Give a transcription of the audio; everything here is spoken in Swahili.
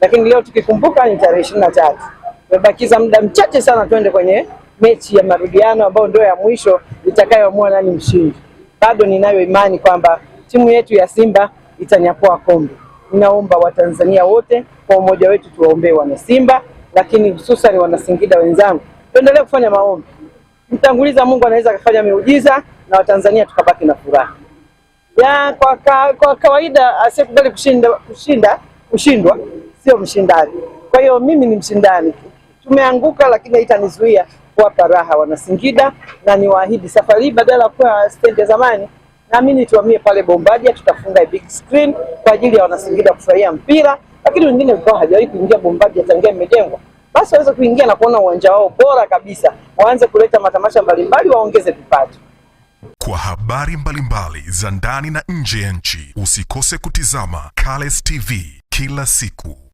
lakini leo tukikumbuka ni tarehe ishirini na tatu. Tumebakiza muda mchache sana twende kwenye mechi ya marudiano ambayo ndio ya mwisho itakayoamua nani mshindi. Bado ninayo imani kwamba timu yetu ya Simba itanyapua kombe. Ninaomba Watanzania wote kwa umoja wetu tuwaombee wana Simba, lakini hususan wana Singida wenzangu, tuendelee kufanya maombi. Mtanguliza Mungu anaweza akafanya miujiza na Watanzania tukabaki na furaha ya kwa, ka, kwa kawaida asiyekubali kushinda, kushinda kushindwa sio mshindani. Kwa hiyo mimi ni mshindani, tumeanguka lakini haitanizuia kuwapa raha Wanasingida, na niwaahidi safari hii badala ya kuwa stendi ya zamani, naamini tuamie pale Bombadia, tutafunga big screen kwa ajili ya Wanasingida kufurahia mpira, lakini wengine ambao hajawahi kuingia Bombadia tangia imejengwa basi waweze kuingia na kuona uwanja wao bora kabisa, waanze kuleta matamasha mbalimbali, waongeze vipato. Kwa habari mbalimbali za ndani na nje ya nchi, usikose kutizama Cales TV kila siku.